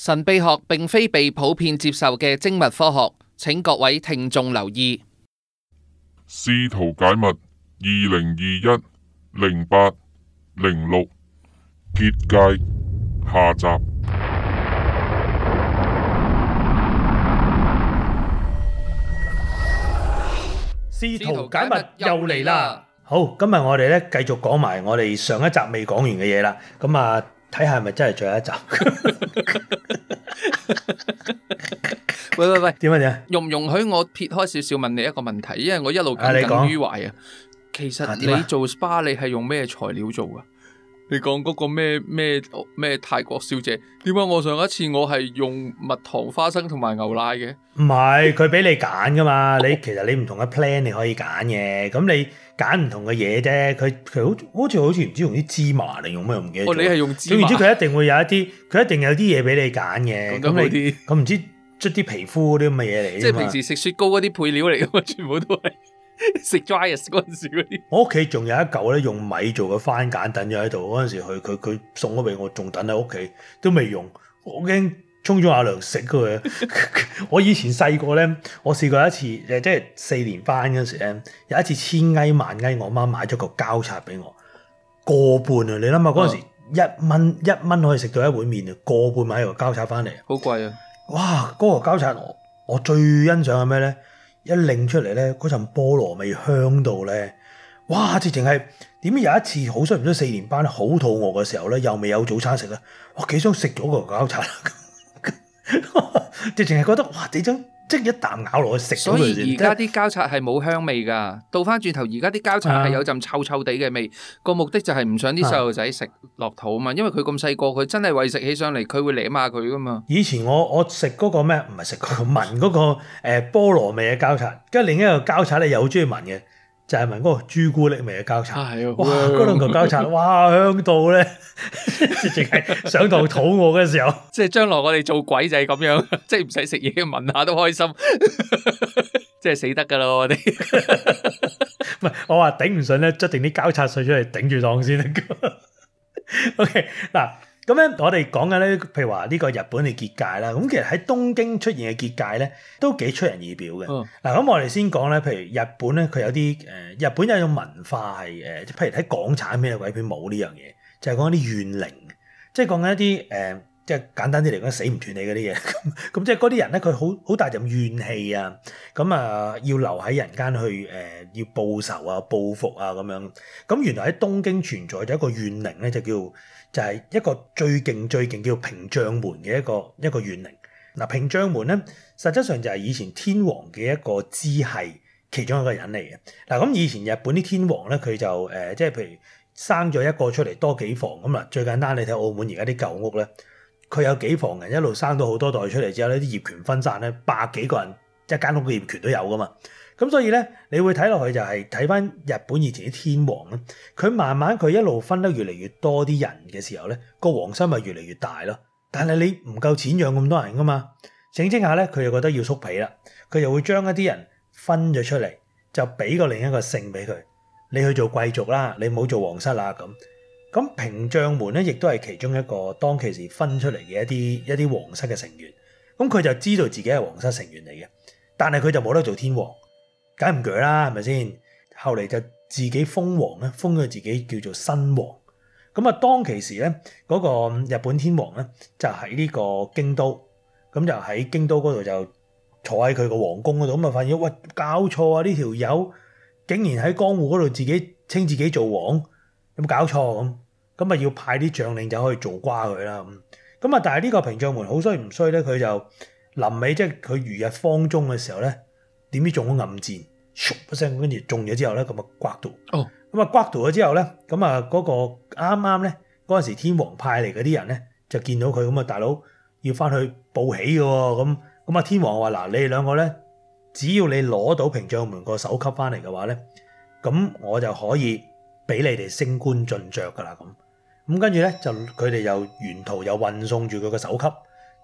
神秘學並非被普遍接受嘅精密科學，請各位聽眾留意。試圖解密，二零二一零八零六結界下集。試圖解密又嚟啦！好，今日我哋呢繼續講埋我哋上一集未講完嘅嘢啦，咁、嗯、啊。睇下係咪真係最後一集？ 喂喂喂，點啊點啊？容唔容許我撇開少少問你一個問題？因為我一路耿耿於懷啊。其實你做 SPA、啊啊、你係用咩材料做噶？你講嗰個咩咩咩泰國小姐，點解我上一次我係用蜜糖花生、同埋牛奶嘅？唔係，佢俾你揀噶嘛？你其實你唔同嘅 plan 你可以揀嘅，咁你揀唔同嘅嘢啫。佢其實好好似好似唔知用啲芝麻定用咩唔記得。哦，你係用芝麻。總言之，佢一定會有一啲，佢一定有啲嘢俾你揀嘅。咁呢啲咁唔知捽啲皮膚嗰啲咁嘅嘢嚟。即係平時食雪糕嗰啲配料嚟嘅嘛？全部都係。食 d r y e r 陣時啲，我屋企仲有一嚿咧用米做嘅番梘等咗喺度。嗰陣時去佢，佢送咗俾我，仲等喺屋企都未用。我驚沖咗阿娘，食佢。 我以前細個咧，我試過一次誒，即係四年班嗰陣時咧，有一次千求萬求，我媽買咗個膠擦俾我，個半啊！你諗下嗰陣時一蚊，嗯、一蚊可以食到一碗麵啊，一個半買一個膠擦翻嚟，好貴啊！哇，嗰、嗰個膠擦我，我最欣賞係咩咧？一拎出嚟咧，嗰陣菠蘿味香到咧，哇！直情係點知，有一次好衰唔衰四年班好肚餓嘅時候咧，又未有早餐食咧，哇！幾想食咗個牛油搽， 直情係覺得哇！幾憎～即一啖咬落去食咗，所以而家啲膠擦係冇香味噶。倒翻轉頭，而家啲膠擦係有陣臭臭地嘅味。個、啊、目的就係唔想啲細路仔食落肚啊嘛。因為佢咁細個，佢真係為食起上嚟，佢會舐下佢噶嘛。以前我我食嗰個咩？唔係食佢聞嗰、嗰個誒、呃、菠蘿味嘅膠擦。跟住另一個膠擦，咧又好中意聞嘅。就係聞嗰個朱古力味嘅膠擦，啊、哇！嗰兩舊膠擦，哇！香到咧，直情係上堂肚餓嘅時候， 即係將來我哋做鬼就係咁樣，即係唔使食嘢，聞下都開心， 即係死得㗎喇我哋。唔 係， 我話頂唔順咧，捽定啲膠擦碎出嚟頂住檔先得。O K 嗱。咁咧，我哋講緊咧，譬如話呢個日本嘅結界啦，咁其實喺東京出現嘅結界咧，都幾出人意表嘅。嗱、嗯，咁我哋先講咧，譬如日本咧，佢有啲誒、呃，日本有一種文化係誒，即、呃、譬如喺港產片、鬼片冇呢樣嘢，就係、是、講一啲怨靈，即係講緊一啲誒。呃即係簡單啲嚟講，死唔斷你嗰啲嘢咁，咁即係嗰啲人咧，佢好好大陣怨氣啊！咁啊，要留喺人間去誒、呃，要報仇啊、報復啊咁樣。咁、啊、原來喺東京存在咗一個怨靈咧，就叫就係、是、一個最勁最勁叫平將門嘅一個一個怨靈。嗱、啊，平將門咧，實質上就係以前天皇嘅一個支系其中一個人嚟嘅。嗱、啊，咁、嗯、以前日本啲天皇咧，佢就誒、呃，即係譬如生咗一個出嚟多幾房咁啦、啊。最簡單，你睇澳門而家啲舊屋咧。佢有幾房人一路生到好多代出嚟之後呢啲業權分散呢百幾個人一間屋嘅業權都有噶嘛。咁所以呢，你會睇落去就係睇翻日本以前啲天皇啦。佢慢慢佢一路分得越嚟越多啲人嘅時候呢個皇室咪越嚟越大咯。但係你唔夠錢養咁多人噶嘛？整整下呢，佢又覺得要縮皮啦，佢就會將一啲人分咗出嚟，就俾個另一個姓俾佢。你去做貴族啦，你唔好做皇室啦咁。咁平將門咧，亦都係其中一個當其時分出嚟嘅一啲一啲皇室嘅成員。咁佢就知道自己係皇室成員嚟嘅，但係佢就冇得做天皇。梗唔鋸啦，係咪先？後嚟就自己封王咧，封咗自己叫做新王。咁啊，當其時咧，嗰個日本天皇咧就喺呢個京都，咁就喺京都嗰度就坐喺佢個皇宮嗰度。咁啊，發現喂搞錯啊！呢條友竟然喺江戶嗰度自己稱自己做王。有冇搞錯咁，咁啊要派啲將領就可以做瓜佢啦咁。咁啊，但係呢個屏障門好衰唔衰咧？佢就臨尾即係佢如日方中嘅時候咧，點知中咗暗箭，咻一聲，跟住中咗之後咧，咁啊刮到。哦，咁啊刮到咗之後咧，咁啊嗰個啱啱咧嗰陣時天皇派嚟嗰啲人咧，就見到佢咁啊大佬要翻去報喜嘅喎。咁咁啊天皇話：嗱，你哋兩個咧，只要你攞到屏障門個首級翻嚟嘅話咧，咁我就可以。俾你哋升官進爵噶啦咁，咁跟住咧就佢哋又沿途又運送住佢個首級，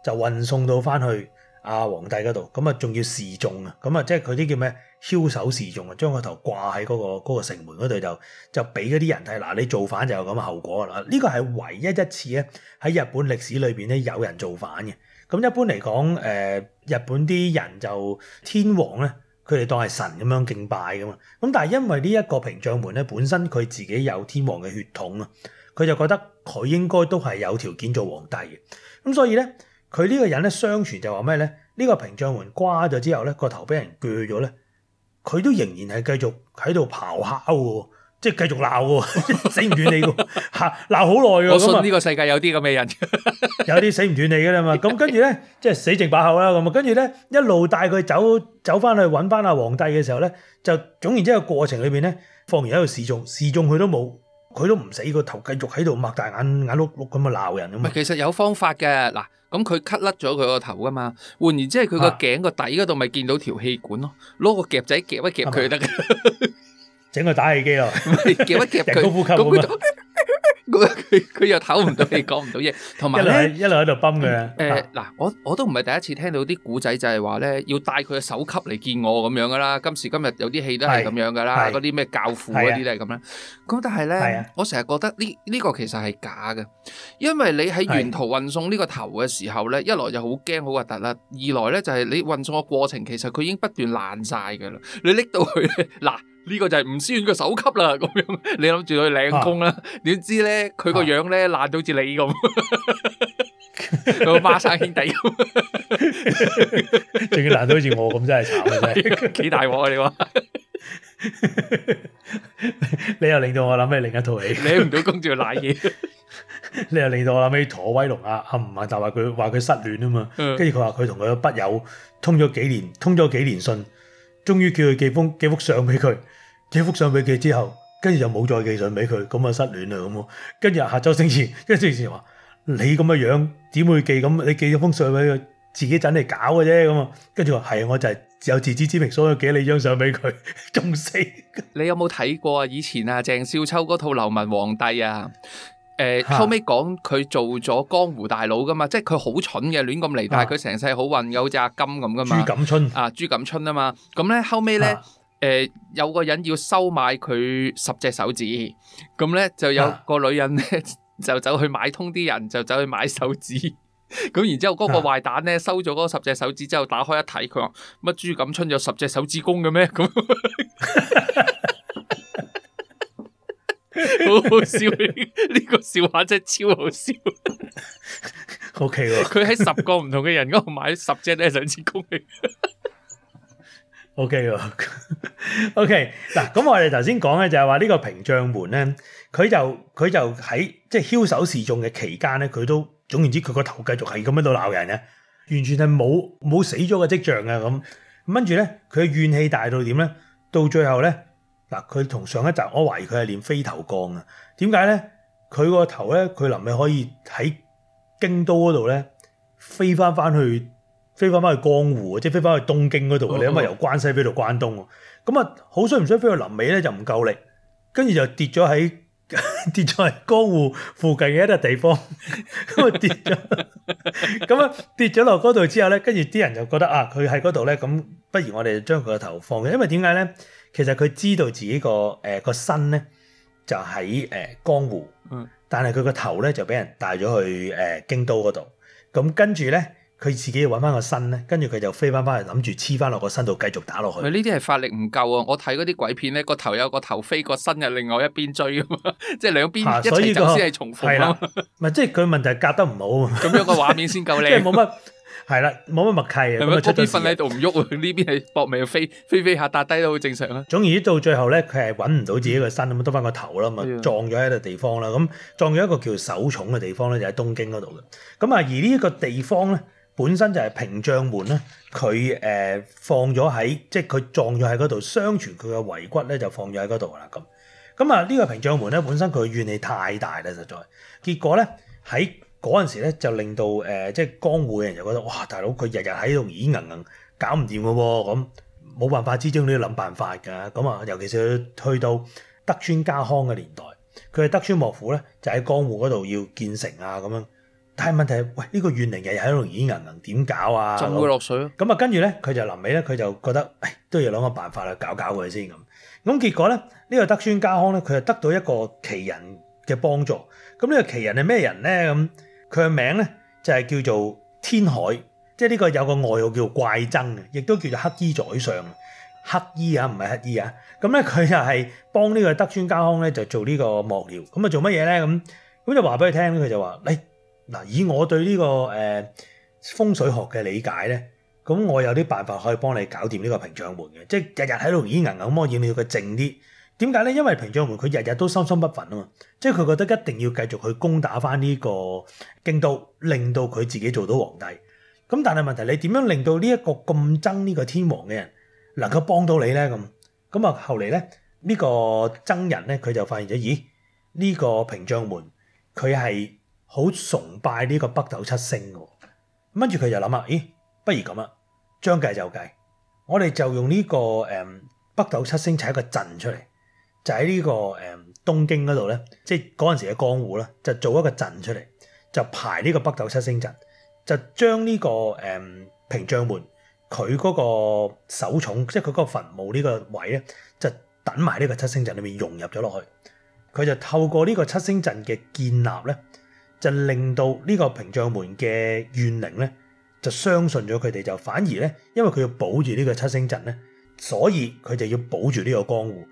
就運送到翻去阿皇帝嗰度，咁啊仲要示眾啊，咁啊即係佢啲叫咩？梟首示眾啊，將個頭掛喺嗰個城門嗰度就就俾嗰啲人睇，嗱，你造反就有咁嘅後果啦。呢個係唯一一次咧喺日本歷史裏邊咧有人造反嘅。咁一般嚟講，誒日本啲人就天皇咧。佢哋當係神咁樣敬拜噶嘛，咁但係因為呢一個屏障門咧，本身佢自己有天皇嘅血統啊，佢就覺得佢應該都係有條件做皇帝嘅，咁所以咧，佢呢個人咧相傳就話咩咧？呢個屏障門掛咗之後咧，個頭俾人鋸咗咧，佢都仍然係繼續喺度咆哮喎。即係繼續鬧喎，死唔斷你喎，嚇鬧好耐喎。 樣我信呢個世界有啲咁嘅人， 有啲死唔斷你㗎啦嘛。咁跟住咧，即係死靜把口啦。咁啊，跟住咧一路帶佢走，走翻去揾翻阿皇帝嘅時候咧，就總然之總言之個過程裏邊咧，放完喺度示眾，示眾佢都冇，佢都唔死個頭，繼續喺度擘大眼大眼碌碌咁啊，鬧人啊，其實有方法嘅嗱。咁佢 cut 甩咗佢個頭啊嘛，換言之係佢個頸個底嗰度咪見到條氣管咯，攞個夾仔夾一夾佢得。 整個打氣機咯，夾一夾佢，高呼吸咁啊！佢佢又唞唔到氣，講唔到嘢，同埋咧，一路喺度泵嘅。誒，嗱，我我都唔係第一次聽到啲古仔，就係話咧，要帶佢嘅首級嚟見我咁樣噶啦。今時今日有啲戲都係咁樣噶啦，嗰啲咩教父嗰啲都係咁啦。咁但係咧，我成日覺得呢呢個其實係假嘅，因為你喺沿途運送呢個頭嘅時候咧，一來就好驚好核突啦，二來咧就係你運送嘅過程，其實佢已經不斷爛晒噶啦，你拎到佢嗱。呢個就係吳思遠個首級啦，咁樣你諗住去領工啦，點知咧佢個樣咧爛到好似你咁，佢孖 生兄弟咁，仲 要爛到好似我咁，真係慘啊！幾大鑊啊！你話你又令到我諗起另一套戲，領唔到工仲要瀨嘢，你又令到我諗起陀威龍啊，阿吳孟達話佢話佢失戀啊嘛，他他跟住佢話佢同佢個筆友通咗幾年，通咗幾年信。終於叫佢寄封寄幅相俾佢，寄幅相俾佢之後，跟住就冇再寄信俾佢，咁啊失戀啦咁。跟住下周星馳，跟住星馳話：你咁嘅樣點會寄？咁你寄咗封信俾佢自己整嚟搞嘅啫。咁啊，跟住話係，我就有自知之明所，所以寄你張相俾佢，仲死。你有冇睇過啊？以前啊，鄭少秋嗰套《流氓皇帝》啊？誒、呃、後尾講佢做咗江湖大佬噶嘛，即係佢好蠢嘅，亂咁嚟，但係佢成世好運嘅，好似阿金咁噶嘛。朱錦春啊，朱錦春啊嘛，咁咧後尾咧誒有個人要收買佢十隻手指，咁咧就有個女人咧就走去買通啲人，啊、 就走去買手指，咁然之後嗰個壞蛋咧收咗嗰十隻手指之後打開一睇，佢話乜朱錦春有十隻手指公嘅咩？咁。 好好笑呢！呢個笑話真係超好笑。O K 佢喺十個唔同嘅人嗰度買十隻咧，上次公雞。O K o K 嗱，咁我哋頭先講咧，就係話呢個屏障門咧，佢就佢就喺即係梟首示眾嘅期間咧，佢都總言之，佢個頭繼續係咁樣度鬧人嘅，完全係冇冇死咗嘅跡象啊！咁咁跟住咧，佢嘅怨氣大到點咧？到最後咧。佢同上一集，我懷疑佢係練飛頭降啊？點解咧？佢個頭咧，佢臨尾可以喺京都嗰度咧飛翻翻去，飛翻翻去江戶，即係飛翻去東京嗰度，你諗下由關西飛到關東，咁啊，好衰唔衰飛到臨尾咧就唔夠力，跟住就跌咗喺 跌咗喺江戶附近嘅一笪地方，咁 啊、嗯、跌咗，咁 啊、嗯、跌咗落嗰度之後咧，跟住啲人就覺得啊，佢喺嗰度咧，咁不如我哋將佢嘅頭放嘅，因為點解咧？其實佢知道自己個誒、呃呃呃、個身咧就喺誒江戶，但係佢個頭咧就俾人帶咗去誒京都嗰度。咁跟住咧，佢自己要揾翻個身咧，跟住佢就飛翻翻去，諗住黐翻落個身度繼續打落去。佢呢啲係法力唔夠啊！我睇嗰啲鬼片咧，個頭有個頭飛，身 啊嗰個身又另外一邊追啊嘛，即係兩邊一齊就先係重複啊。唔係，即係佢問題係隔得唔好啊。咁樣個畫面先夠靚。即係冇乜。係啦，冇乜默契啊！咁啊，出邊瞓喺度唔喐，佢呢邊係搏命飛飛飛下，打低都好正常啦。總然到最後咧，佢係揾唔到自己個身，咁啊、嗯，多翻個頭啦，咁撞咗喺個地方啦，咁撞咗一個叫首冢嘅地方咧，就喺東京嗰度嘅。咁啊，而呢一個地方咧、嗯就是，本身就係屏障門啦，佢誒、呃、放咗喺，即係佢撞咗喺嗰度，相傳佢嘅遺骨咧就放咗喺嗰度啦。咁咁啊，呢個屏障門咧，本身佢怨氣太大啦，實在。結果咧喺。嗰陣時咧，就令到誒、呃，即係江戶嘅人就覺得哇，大佬佢日日喺度耳硬硬，搞唔掂嘅喎，咁冇辦法之中都要諗辦法㗎。咁啊，尤其是去到德川家康嘅年代，佢係德川幕府咧，就喺江戶嗰度要建城啊咁樣。但係問題係，喂呢、呢個怨靈日日喺度耳硬硬，點搞啊？就會落水咯。咁啊，跟住咧，佢就臨尾咧，佢就覺得誒，都要諗個辦法去搞搞佢先咁。咁結果咧，呢、呢個德川家康咧，佢係得到一個奇人嘅幫助。咁呢個奇人係咩人咧？咁佢嘅名咧就係叫做天海，即係呢個有個外號叫怪僧嘅，亦都叫做黑衣宰相。黑衣啊，唔係黑衣啊。咁咧佢就係幫呢個德川家康咧就做呢個幕僚。咁啊做乜嘢咧？咁咁就話俾佢聽，佢就話：你嗱以我對呢、這個誒、呃、風水學嘅理解咧，咁我有啲辦法可以幫你搞掂呢個屏障門嘅，即係日日喺度已經銀銀摩以令佢靜啲。點解咧？因為平將門佢日日都心心不憤啊嘛，即係佢覺得一定要繼續去攻打翻呢個京都，令到佢自己做到皇帝。咁但係問題你點樣令到呢一個咁憎呢個天皇嘅人能夠幫到你咧？咁咁啊，後嚟咧呢、這個僧人咧，佢就發現咗，咦呢、這個平將門佢係好崇拜呢個北斗七星嘅。跟住佢就諗啊，咦不如咁啊，將計就計，我哋就用呢、這個誒、嗯、北斗七星踩一個陣出嚟。就喺呢個誒東京嗰度咧，即係嗰陣時嘅江戶啦，就做一個陣出嚟，就排呢個北斗七星陣，就將呢、這個誒、呃、平將門佢嗰個首塚，即係佢嗰個墳墓呢個位咧，就等埋呢個七星陣裏面融入咗落去。佢就透過呢個七星陣嘅建立咧，就令到呢個平將門嘅怨靈咧，就相信咗佢哋就反而咧，因為佢要保住呢個七星陣咧，所以佢就要保住呢個江戶。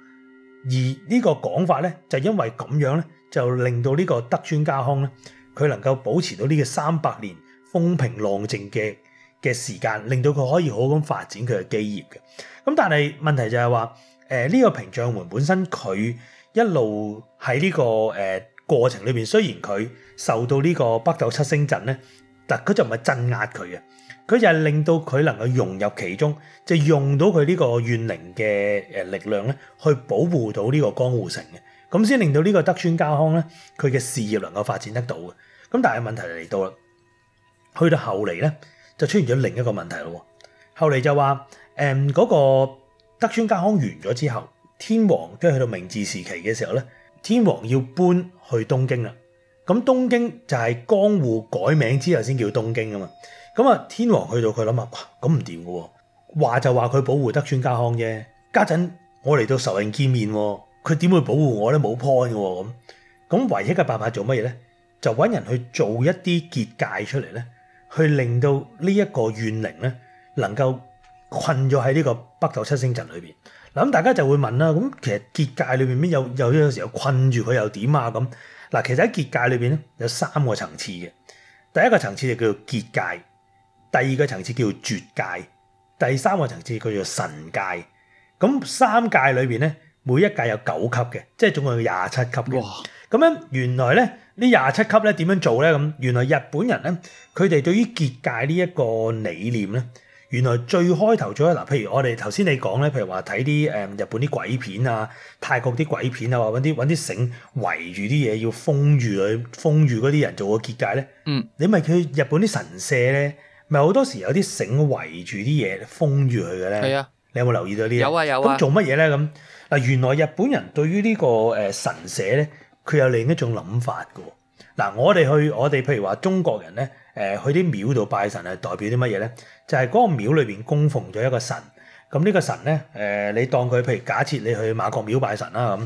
而呢個講法咧，就因為咁樣咧，就令到呢個德川家康咧，佢能夠保持到呢個三百年風平浪靜嘅嘅時間，令到佢可以好好咁發展佢嘅基業嘅。咁但係問題就係話，誒、這、呢個屏障門本身佢一路喺呢個誒過程裏邊，雖然佢受到呢個北斗七星陣咧，但佢就唔係鎮壓佢嘅。佢就係令到佢能夠融入其中，就用到佢呢個怨靈嘅誒力量咧，去保護到呢個江戶城嘅，咁先令到呢個德川家康咧，佢嘅事業能夠發展得到嘅。咁但係問題嚟到啦，去到後嚟咧就出現咗另一個問題咯。後嚟就話誒嗰個德川家康完咗之後，天皇即係去到明治時期嘅時候咧，天皇要搬去東京啦。咁東京就係江戶改名之後先叫東京㗎嘛。咁啊，天皇去到佢諗下，哇，咁唔掂噶，話就話佢保護德川家康啫。家陣我嚟到仇人見面，佢點會保護我咧？冇 point 嘅咁。咁唯一嘅辦法做乜嘢咧？就搵人去做一啲結界出嚟咧，去令到呢一個怨靈咧能夠困咗喺呢個北斗七星陣裏邊。嗱，咁大家就會問啦，咁其實結界裏邊邊有有呢時候困住佢又點啊？咁嗱，其實喺結界裏邊咧有三個層次嘅，第一個層次就叫做結界。第二個層次叫做絕界，第三個層次叫做神界。咁三界裏邊咧，每一界有九級嘅，即係總共有廿七級嘅。咁樣哇 原來咧，呢廿七級咧點樣做咧？咁原來日本人咧，佢哋對於結界呢一個理念咧，原來最開頭咗嗱，譬如我哋頭先你講咧，譬如話睇啲誒日本啲鬼片啊，泰國啲鬼片啊，揾啲揾啲繩圍住啲嘢，要封住佢，封住嗰啲人做個結界咧。嗯，你咪佢日本啲神社咧。咪好多時有啲繩圍住啲嘢封住佢嘅咧。係啊，你有冇留意到呢？有啊有。咁做乜嘢咧？咁嗱，原來日本人對於呢個誒神社咧，佢有另一種諗法嘅。嗱，我哋去我哋譬如話中國人咧，誒去啲廟度拜神係代表啲乜嘢咧？就係嗰個廟裏邊供奉咗一個神。咁呢個神咧，誒你當佢譬如假設你去媽閣廟拜神啦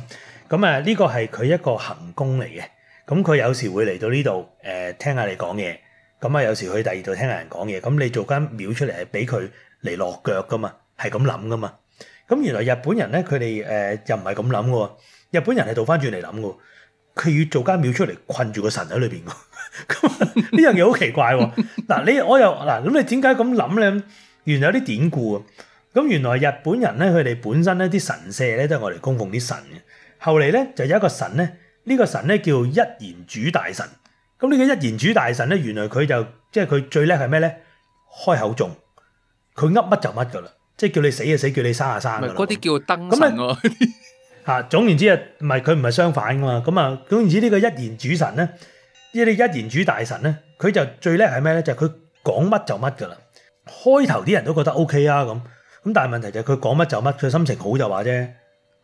咁。咁誒呢個係佢一個行宮嚟嘅。咁佢有時會嚟到呢度誒聽下你講嘢。咁啊，有時去第二度聽下人講嘢，咁你做間廟出嚟係俾佢嚟落腳噶嘛，係咁諗噶嘛。咁原來日本人咧，佢哋誒又唔係咁諗喎。日本人係倒翻轉嚟諗噶，佢要做間廟出嚟困住個神喺裏邊噶。咁 呢樣嘢好奇怪喎！嗱、 啊，你我又嗱，咁、啊、你點解咁諗咧？原來有啲典故啊。咁原來日本人咧，佢哋本身咧啲神社咧都係我嚟供奉啲神嘅。後嚟咧就有一個神咧，呢、這個神咧叫一言主大神。咁呢個一言主大神咧，原來佢就即係佢最叻係咩咧？開口中，佢噏乜就乜噶啦，即係叫你死就死，叫你生，就生叫啊生噶啦。嗰啲叫燈神喎。吓， 總言之啊，唔係佢唔係相反噶嘛。咁啊，總言之呢個一言主神咧，呢係一言主大神咧，佢就最叻係咩咧？就係佢講乜就乜噶啦。開頭啲人都覺得 O、OK、K 啊，咁咁，但係問題就係佢講乜就乜，佢心情好就話啫，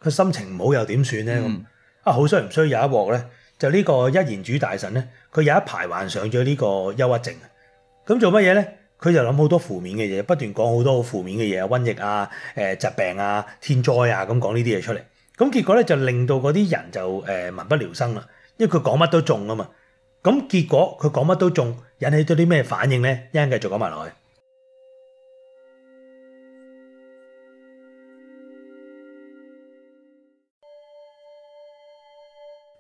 佢心情唔好又點算咧？嗯、啊，好衰唔衰有一鑊咧？就呢個一言主大神咧。佢有一排患上咗呢個憂鬱症，咁做乜嘢咧？佢就諗好多負面嘅嘢，不斷講好多很負面嘅嘢，瘟疫啊、疾病啊、天災啊，咁講呢啲嘢出嚟，咁結果咧就令到嗰啲人就呃、民不聊生啦，因為佢講乜都中啊嘛，咁結果佢講乜都中，引起咗啲咩反應呢？一陣繼續講埋落去，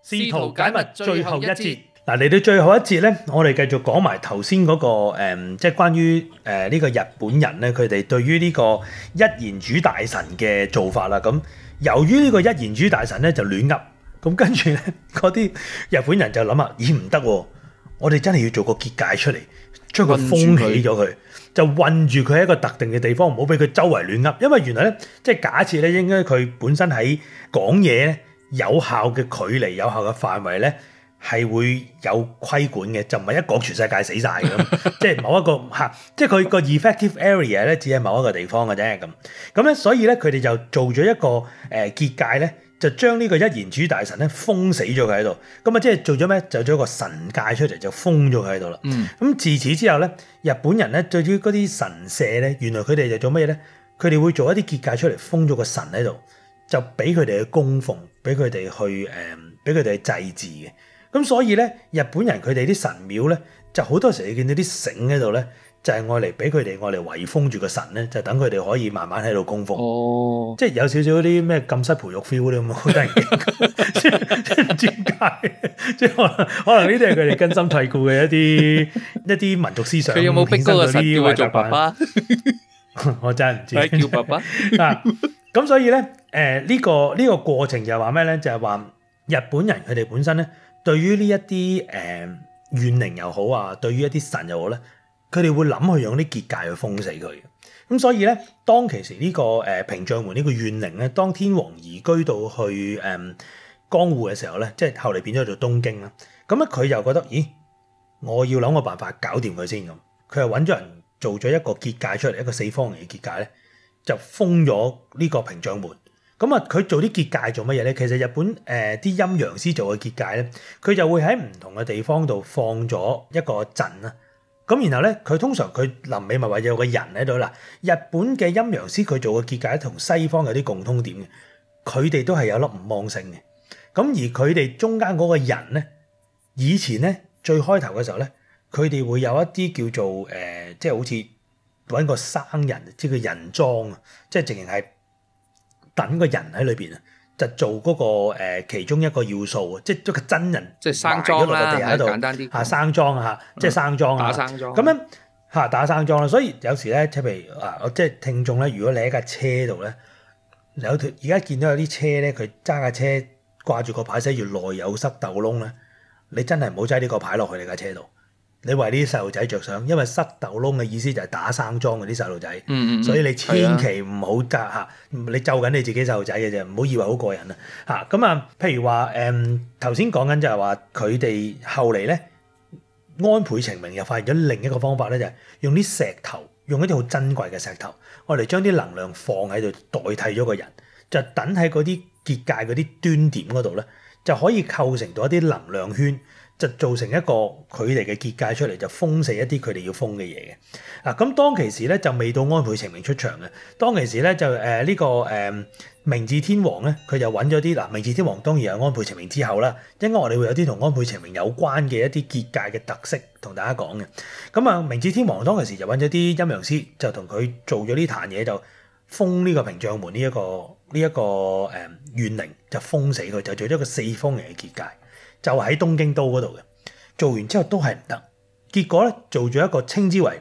試圖解密最後一節。嗱，嚟到最後一節咧，我哋繼續講埋頭先嗰個、呃、即係關於誒呢個日本人咧，佢哋對於呢個一言主大神嘅做法啦。咁由於呢個一言主大神咧就亂噏，咁跟住咧嗰啲日本人就諗啊，咦，唔得喎，我哋真係要做個結界出嚟，將佢封起咗佢，就困住佢喺一個特定嘅地方，唔好俾佢周圍亂噏。因為原來咧，即係假設咧，應該佢本身喺講嘢有效嘅距離、有效嘅範圍咧。係會有規管嘅，就唔係一講全世界死晒咁， 即係某一個嚇、啊，即係佢個 effective area 咧，只係某一個地方嘅啫咁。咁咧，所以咧，佢哋就做咗一個誒結界咧，就將呢個一言主大神咧封死咗佢喺度。咁啊，即係做咗咩？就做咗個神界出嚟，就封咗佢喺度啦。咁、嗯、自此之後咧，日本人咧對於嗰啲神社咧，原來佢哋就做咩咧？佢哋會做一啲結界出嚟，封咗個神喺度，就俾佢哋去供奉，俾佢哋去誒，俾佢哋祭祀嘅。咁所以咧，日本人佢哋啲神廟咧，就好多時你見到啲繩喺度咧，就係愛嚟俾佢哋愛嚟圍封住個神咧，就等佢哋可以慢慢喺度供奉。哦，即係有少少啲咩禁室培育 feel 咁啊！真係唔知唔知點解，即係可能可能呢啲係佢哋根深蒂固嘅一啲 一啲民族思想。你有冇逼哥嘅神叫佢做爸爸？ 我真係唔知叫爸爸 啊！咁所以咧、這個，誒呢個呢個過程就係話咩咧？就係、是、話日本人佢哋本身咧。對於呢一啲誒怨靈又好啊，對於一啲神又好咧，佢哋會諗去用啲結界去封死佢。咁所以咧，當其實呢個誒、呃、屏障門呢個怨靈咧，當天皇移居到去誒、呃、江戶嘅時候咧，即係後嚟變咗做東京啦。咁咧佢又覺得，咦，我要諗個辦法搞掂佢先咁。佢又揾咗人做咗一個結界出嚟，一個四方形嘅結界咧，就封咗呢個屏障門。咁啊，佢做啲結界做乜嘢咧？其實日本誒啲、呃、陰陽師做嘅結界咧，佢就會喺唔同嘅地方度放咗一個陣啦。咁然後咧，佢通常佢臨尾咪話有個人喺度啦。日本嘅陰陽師佢做嘅結界同西方有啲共通點嘅，佢哋都係有粒五芒星嘅。咁而佢哋中間嗰個人咧，以前咧最開頭嘅時候咧，佢哋會有一啲叫做誒、呃，即係好似揾個生人，即係個人裝啊，即係淨係。等個人喺裏邊啊，就做嗰、嗰個、呃、其中一個要素啊，即係一個真人即係生裝啦，喺簡單啲嚇生裝嚇，即係生裝啊，生裝咁樣嚇打生裝啦。所以有時咧、啊，即係譬如啊，我即係聽眾咧，如果你喺架車度咧，你有條而家見到有啲車咧，佢揸架車掛住個牌，寫住內有塞豆窿咧，你真係唔好揸呢個牌落去你架車度。你為啲細路仔着想，因為塞豆窿嘅意思就係打生樁嗰啲細路仔，嗯嗯，所以你千祈唔好扎嚇。的你咒緊你自己細路仔嘅啫，唔好以為好過癮啊嚇！咁啊，譬如話誒頭先講緊就係話佢哋後嚟咧，安倍晴明又發現咗另一個方法咧，就係、是、用啲石頭，用一啲好珍貴嘅石頭，我哋將啲能量放喺度，代替咗個人，就等喺嗰啲結界嗰啲端點嗰度咧，就可以構成到一啲能量圈。就做成一個佢哋嘅結界出嚟，就封死一啲佢哋要封嘅嘢嘅。嗱、啊，咁當其時咧就未到安倍晴明出場嘅，當其時咧就誒呢、呃這個誒、呃、明治天皇咧，佢就揾咗啲嗱，明治天皇當然係安倍晴明之後啦，應該我哋會有啲同安倍晴明有關嘅一啲結界嘅特色同大家講嘅。咁啊明治天皇當其時就揾咗啲陰陽師，就同佢做咗呢壇嘢，就封呢個屏障門呢、這、一個呢一、這個誒怨靈，就封死佢，就做咗個四方形嘅結界。就喺東京都嗰度嘅，做完之後都係唔得，結果咧，做咗一個稱之為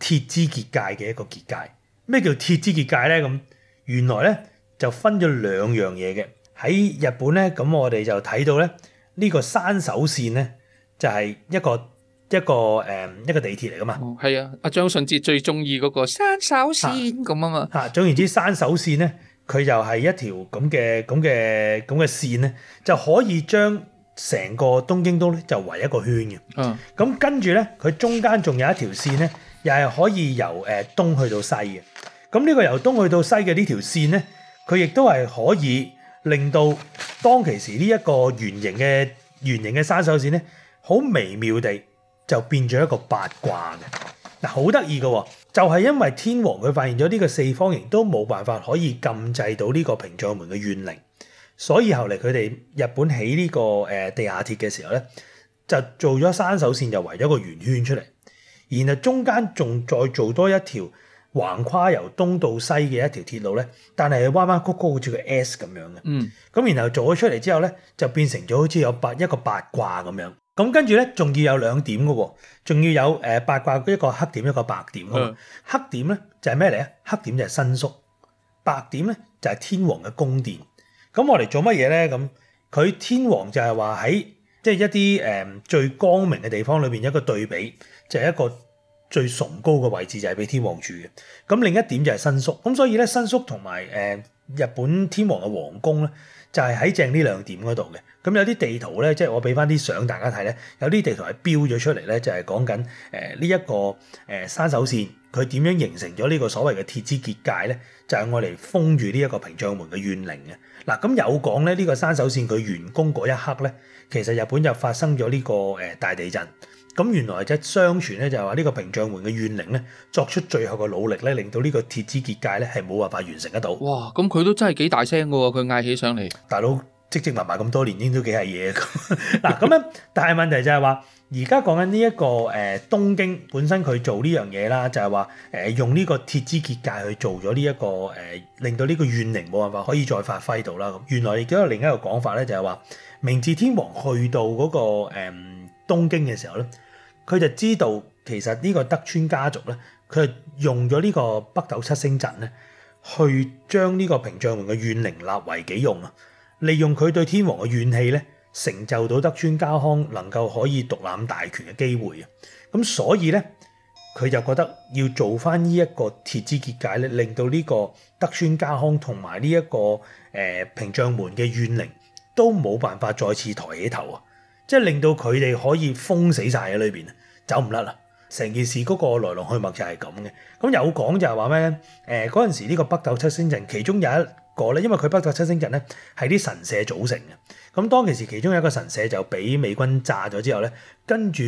鐵之結界嘅一個結界。咩叫鐵之結界咧？咁原來咧就分咗兩樣嘢嘅。喺日本咧，咁我哋就睇到咧呢、這個山手線咧就係、是、一個一個誒、嗯、一個地鐵嚟噶嘛。係啊，阿張信哲最中意嗰個山手線咁啊嘛。嚇，總言之，山手線咧佢就係一條咁嘅咁嘅咁嘅線咧，就可以將成個東京都咧就圍一個圈嘅，咁、嗯、跟住咧佢中間仲有一條線咧，又係可以由誒、呃、東去到西嘅。咁、嗯、呢、這個由東去到西嘅呢條線咧，佢亦都係可以令到當其時呢一個圓形嘅圓形嘅沙手線咧，好微妙地就變咗一個八卦嘅。嗱、啊，好得意嘅，就係、是、因為天皇佢發現咗呢個四方形都冇辦法可以禁制到呢個屏障門嘅怨靈。所以後嚟佢哋日本起呢個誒地下鐵嘅時候咧，就做咗山手線，就圍咗個圓圈出嚟，然後中間仲再做多一條橫跨由東到西嘅一條鐵路咧。但係彎彎曲曲好似個 S 咁樣嘅。嗯，咁然後做咗出嚟之後咧，就變成咗好似有八一個八卦咁樣。咁跟住咧，仲要有兩點嘅喎，仲要有誒八卦一個黑點一個白點。嗯，黑點咧就係咩嚟咧？黑點就係新宿，白點咧就係天皇嘅宮殿。咁我嚟做乜嘢咧？咁佢天皇就係話喺即係一啲誒最光明嘅地方裏邊，一個對比就係、是、一個最崇高嘅位置就，就係俾天皇住嘅。咁另一點就係新宿，咁所以咧新宿同埋誒日本天皇嘅皇宮咧，就係喺正呢兩點嗰度嘅。咁有啲地圖咧，即係我俾翻啲相大家睇咧，有啲地圖係標咗出嚟咧，就係講緊誒呢一個誒山手線，佢點樣形成咗呢個所謂嘅鐵枝結界咧？就係我嚟封住呢一個屏障門嘅怨靈嘅。嗱，咁有講咧，呢個山手線佢完工嗰一刻咧，其實日本就發生咗呢個誒大地震。咁原來即係相傳咧，就係話呢個平將門嘅怨靈咧，作出最後嘅努力咧，令到呢個鐵枝結界咧係冇辦法完成得到。哇！咁佢都真係幾大聲㗎喎，佢嗌起上嚟。大佬。積積埋埋咁多年，應都幾係嘢咁。嗱，咁樣， 但係問題就係、是、話，而家講緊呢一個誒東京本身佢做呢樣嘢啦，就係話誒用呢個鐵之結界去做咗呢一個誒，令到呢個怨靈冇辦法可以再發揮到啦。咁原來亦都有另一個講法咧、就是，就係話明治天皇去到嗰、那個誒、嗯、東京嘅時候咧，佢就知道其實呢個德川家族咧，佢就用咗呢個北斗七星陣咧，去將呢個屏障門嘅怨靈納為己用啊！利用佢對天皇嘅怨氣咧，成就到德川家康能夠可以獨攬大權嘅機會啊！咁所以咧，佢就覺得要做翻呢一個鐵之結界咧，令到呢個德川家康同埋呢一個誒平將門嘅怨靈都冇辦法再次抬起頭啊！即係令到佢哋可以封死晒喺裏邊，走唔甩啊！成件事嗰個來龍去脈就係咁嘅。咁、嗯、有講就係話咩咧？誒嗰陣時呢個北斗七星陣其中有一。因為佢北斗七星陣咧係啲神社組成嘅。咁當其時，其中有一個神社就俾美軍炸咗之後咧，跟住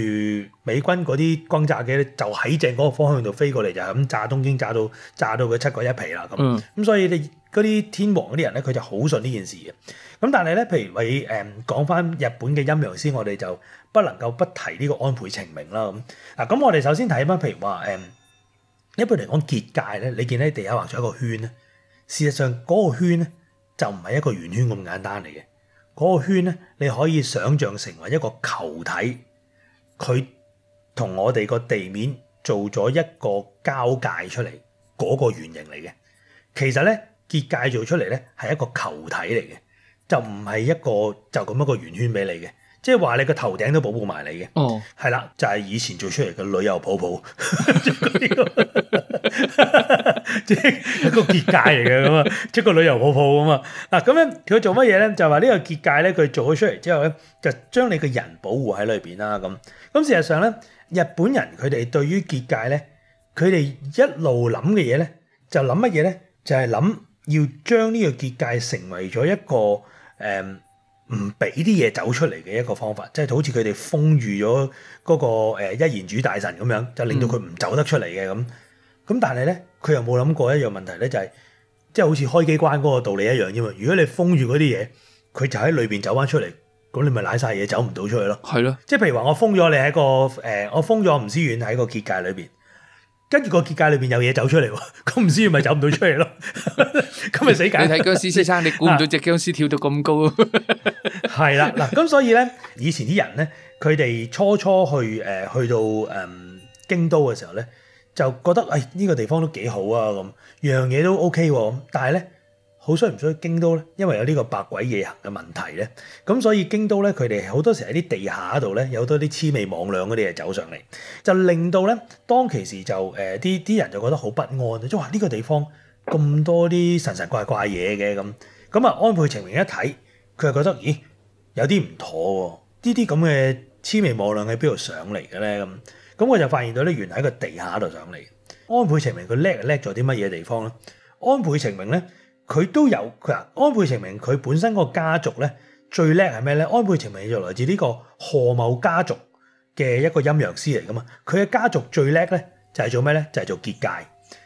美軍嗰啲轟炸機咧就喺正嗰個方向度飛過嚟，就係咁炸東京炸，炸到炸到佢七個一皮啦咁。咁、嗯、所以你嗰啲天皇嗰啲人咧，佢就好信呢件事嘅。咁但係咧，譬如你誒講翻日本嘅陰陽師，我哋就不能夠不提呢個安倍晴明啦。咁嗱，咁我哋首先睇翻，譬如話誒、嗯，一般嚟講結界咧，你見咧地下畫咗一個圈咧。事實上，嗰個圈咧就唔係一個圓圈咁簡單嚟嘅。嗰個圈咧，你可以想像成為一個球體，佢同我哋個地面做咗一個交界出嚟嗰個圓形嚟嘅。其實咧，結界做出嚟咧係一個球體嚟嘅，就唔係一個就咁一個圓圈俾你嘅。即係話你個頭頂都保護埋你嘅，係啦、哦，就係、是、以前做出嚟嘅旅遊泡泡，即 係一個結界嚟嘅咁啊，即個旅遊泡泡啊嘛。嗱，咁樣佢做乜嘢咧？就話呢個結界咧，佢做咗出嚟之後咧，就將你個人保護喺裏邊啦。咁、啊、咁事實上咧，日本人佢哋對於結界咧，佢哋一路諗嘅嘢咧，就諗乜嘢咧？就係、是、諗要將呢個結界成為咗一個誒。嗯唔俾啲嘢走出嚟嘅一個方法，即係好似佢哋封住咗嗰個一言主大神咁樣，就令到佢唔走得出嚟嘅咁。咁、嗯、但係咧，佢又冇諗過一樣問題咧，就係即係好似開機關嗰個道理一樣啫嘛。如果你封住嗰啲嘢，佢就喺裏邊走翻出嚟，咁你咪賴晒嘢走唔到出去咯。係咯，即係譬如話，我封咗你喺個誒，我封咗吳思遠喺個結界裏邊。跟住個結界裏邊有嘢走出嚟喎，咁唔知咪走唔到出嚟咯，咁咪 死梗。你睇殭屍先生，你估唔到隻僵屍跳到咁高，係啦嗱。咁所以咧，以前啲人咧，佢哋初初去誒、呃、去到誒、呃、京都嘅時候咧，就覺得誒呢、呢個地方都幾好啊，咁樣嘢都 OK 喎、啊，但係咧。好衰唔衰京都咧？因為有呢個百鬼夜行嘅問題咧，咁所以京都咧，佢哋好多時喺啲地下度咧，有多啲魑魅魍魎嗰啲嘢走上嚟，就令到咧，當其時就誒啲啲人就覺得好不安啊！即係話呢個地方咁多啲神神怪怪嘢嘅咁咁啊，安倍晴明一睇，佢就覺得咦，有啲唔妥喎、啊，這這呢啲咁嘅魑魅魍魎喺邊度上嚟嘅咧咁？咁我就發現到咧，原來喺個地下度上嚟。安倍晴明佢叻啊，叻咗啲乜嘢地方咧？安倍晴明咧。佢都有，佢話安倍晴明佢本身嗰個家族咧，最叻係咩咧？安倍晴明就來自呢個何某家族嘅一個陰陽師嚟噶嘛。佢嘅家族最叻咧就係做咩咧？就係、是、做結界。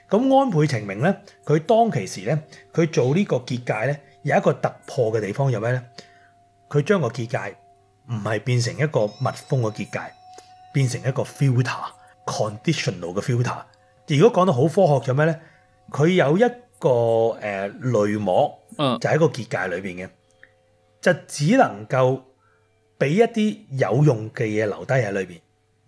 咁安倍晴明咧，佢當其時咧，佢做呢個結界咧有一個突破嘅地方有咩咧？佢將個結界唔係變成一個密封嘅結界，變成一個 filter conditional 嘅 filter。如果講到好科學，就咩咧？佢有一個誒濾、呃、膜就喺個結界裏邊嘅，嗯、就只能夠俾一啲有用嘅嘢留低喺裏邊，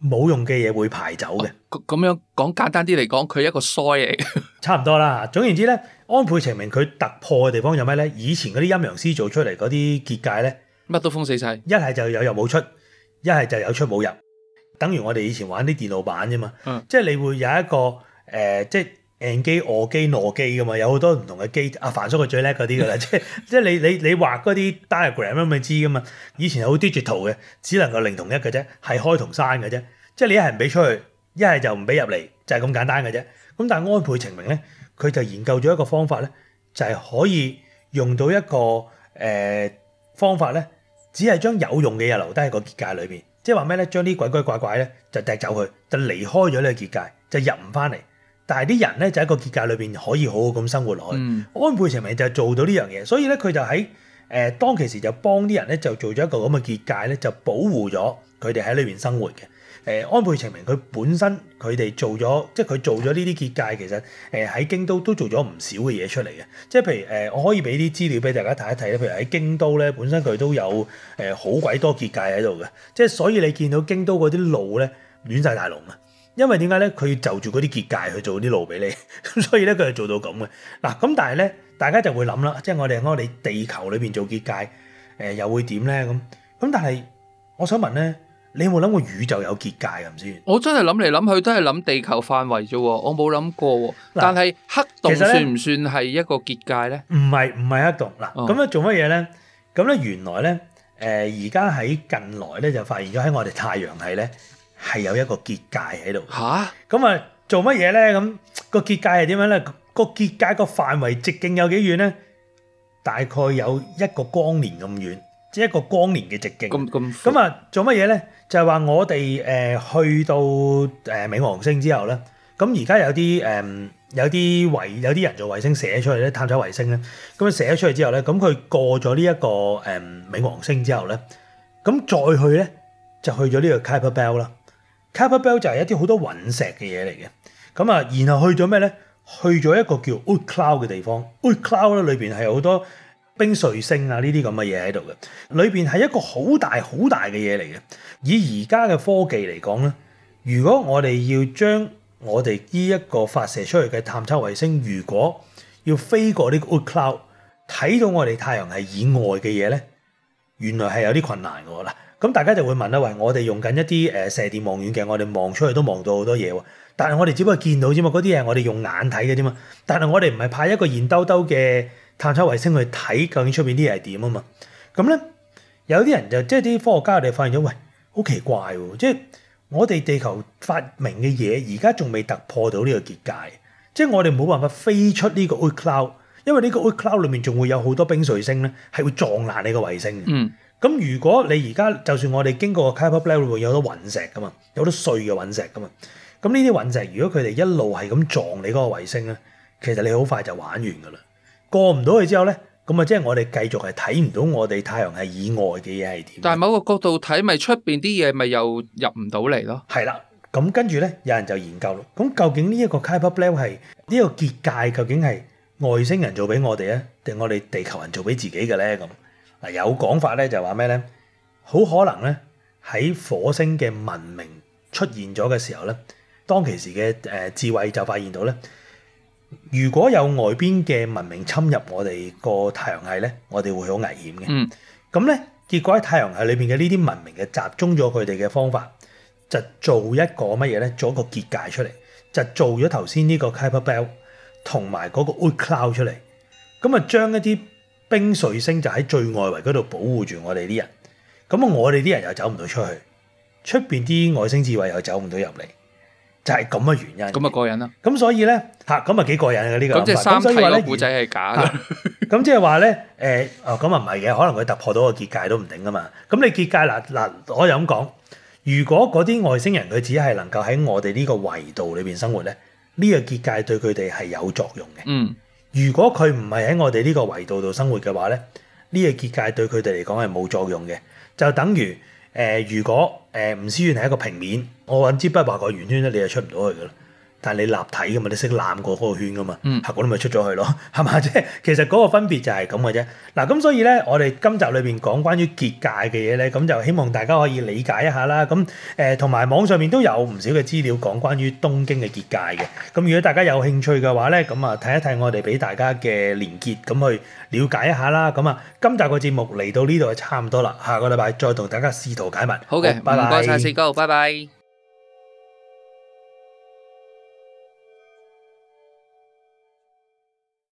冇用嘅嘢會排走嘅。咁、啊、樣講簡單啲嚟講，佢一個篩嚟。 差唔多啦。總言之咧，安倍晴明佢突破嘅地方有咩咧？以前嗰啲陰陽師做出嚟嗰啲結界咧，乜都封死晒，一係就有入冇出，一係就有出冇入。等如我哋以前玩啲電腦版啫嘛。嗯、即係你會有一個誒、呃，即 N 機、俄、啊、機、挪機噶嘛，有好多唔同嘅機。阿凡叔佢最叻嗰啲噶啦， 即係即係你你你畫嗰啲 diagram 咁，你知噶嘛？以前係好 digital 嘅，只能夠零同一嘅啫，係開同閂嘅啫。即係你一係唔俾出去，一係就唔俾入嚟，就係、是、咁簡單嘅啫。咁但係安倍晴明咧，佢就研究咗一個方法咧，就係、是、可以用到一個誒、呃、方法咧，只係將有用嘅嘢留低喺個結界裏邊。即係話咩咧？將啲鬼鬼怪怪咧就掟走佢，就離開咗呢個結界，就入唔翻嚟。但係啲人咧就喺個結界裏邊可以好好咁生活落去。嗯、安倍晴明就做到呢樣嘢，所以咧佢就喺誒、呃、當其時就幫啲人咧就做咗一個咁嘅結界咧，就保護咗佢哋喺裏邊生活嘅。誒、呃、安倍晴明佢本身佢哋做咗，即係佢做咗呢啲結界，其實誒喺京都都做咗唔少嘅嘢出嚟嘅。即係譬如誒、呃，我可以俾啲資料俾大家睇一睇咧。譬如喺京都咧，本身佢都有誒好鬼多結界喺度嘅。即係所以你見到京都嗰啲路咧亂晒大龍啊！因為點解咧？佢就住嗰啲結界去做啲路俾你， 所以咧佢係做到咁嘅。嗱咁，但係咧，大家就會諗啦，即係我哋我哋地球裏邊做結界，誒、呃、又會點咧？咁咁，但係我想問咧，你有冇諗過宇宙有結界咁先？我真係諗嚟諗去都係諗地球範圍啫，我冇諗過。喏但係黑洞算唔算係一個結界咧？唔係唔係黑洞。嗱咁咧做乜嘢咧？咁咧原來咧，誒而家喺近來咧就發現咗喺我哋太陽系咧。係有一個結界喺度嚇，咁啊做乜嘢咧？咁個結界係點樣咧？個結界個範圍直徑有幾遠咧？大概有一個光年咁遠，即係一個光年嘅直徑。咁咁咁啊做乜嘢咧？就係話我哋誒去到誒冥王星之後咧，咁而家有啲誒有啲衛有啲人造衛星寫出嚟咧，探索衛星咧，咁寫出嚟之後咧，咁佢過咗呢一個誒冥王星之後咧，咁再去咧就去咗呢個 Kuiper Belt 啦。Kuiper Belt 就係一啲好多隕石嘅嘢嚟嘅，咁啊，然後去咗咩咧？去咗一個叫 Oort Cloud 嘅地方，Oort Cloud 咧，裏邊係好多冰彗星啊、呢啲咁嘅嘢喺度嘅，裏邊係一個好大好大嘅嘢嚟嘅。以而家嘅科技嚟講咧，如果我哋要將我哋呢一個發射出去嘅探測衛星，如果要飛過呢個 Oort Cloud，睇到我哋太陽系以外嘅嘢咧，原來係有啲困難嘅喎。咁大家就會問啦，喂，我哋用緊一啲誒射電望遠鏡，我哋望出去都望到好多嘢喎。但係我哋只不過見到啫嘛，嗰啲嘢我哋用眼睇嘅啫嘛。但係我哋唔係派一個圓兜兜嘅探測衛星去睇究竟出邊啲係點啊嘛。咁咧有啲人就即係啲科學家，我哋發現咗，喂，好奇怪喎！即係我哋地球發明嘅嘢，而家仲未突破到呢個結界，即係我哋冇辦法飛出呢個 Oort Cloud，因為呢個 Oort Cloud 裏面仲會有好多冰水星咧，係會撞爛你個衛星嘅。嗯。咁如果你而家就算我哋經過個 Kuiper Belt 會有好多隕石噶嘛，有好多碎嘅隕石噶嘛，咁呢啲隕石如果佢哋一路係咁撞你嗰個衛星咧，其實你好快就玩完噶啦，過唔到去之後咧，咁啊即係我哋繼續係睇唔到我哋太陽系以外嘅嘢係點？但係某個角度睇，咪出邊啲嘢咪又入唔到嚟咯？係啦，咁跟住咧，有人就研究咯。咁究竟呢一個 Kuiper Belt 係呢個結界，究竟係外星人做俾我哋咧，定我哋地球人做俾自己嘅咧咁？嗱有講法咧，就話咩咧？好可能咧，喺火星嘅文明出現咗嘅時候咧，當其時嘅誒、呃、智慧就發現到咧，如果有外邊嘅文明侵入我哋個太陽系咧，我哋會好危險嘅。嗯，咁咧結果喺太陽系裏邊嘅呢啲文明嘅集中咗佢哋嘅方法，就做一個乜嘢咧？做一個結界出嚟，就做咗頭先呢個 Kuiper Belt 同埋嗰個 Oort Cloud 出嚟，咁啊將一啲冰彗星就喺最外圍嗰度保護住我哋啲人，咁我哋啲人又走唔到出去，出邊啲外星智慧又走唔到入嚟，就係咁嘅原因。咁啊過癮啦！咁所以咧吓，咁啊幾過癮嘅呢個咁即係三體嘅故仔係假嘅。咁即係話咧誒，哦咁啊唔係嘅，可能佢突破到個結界都唔定㗎嘛。咁你結界嗱嗱，我又咁講，如果嗰啲外星人佢只係能夠喺我哋呢個維度裏邊生活咧，呢個結界對佢哋係有作用嘅。嗯。如果佢唔係喺我哋呢個維度度生活嘅話咧，呢、這個結界對佢哋嚟講係冇作用嘅，就等於誒、呃、如果誒吳、呃、思遠係一個平面，我揾支筆畫個圓圈咧，你就出唔到去㗎啦。但係你立體嘅嘛，你識攬過嗰個圈嘅嘛，效果咧咪出咗去咯，係嘛？即係其實嗰個分別就係咁嘅啫。嗱，咁所以咧，我哋今集裏邊講關於結界嘅嘢咧，咁就希望大家可以理解一下啦。咁誒，同埋網上邊都有唔少嘅資料講關於東京嘅結界嘅。咁如果大家有興趣嘅話咧，咁啊睇一睇我哋俾大家嘅連結，咁去了解一下啦。咁啊，今集嘅節目嚟到呢度就差唔多啦。下個禮拜再同大家試圖解密。好嘅，唔該曬士高，拜拜。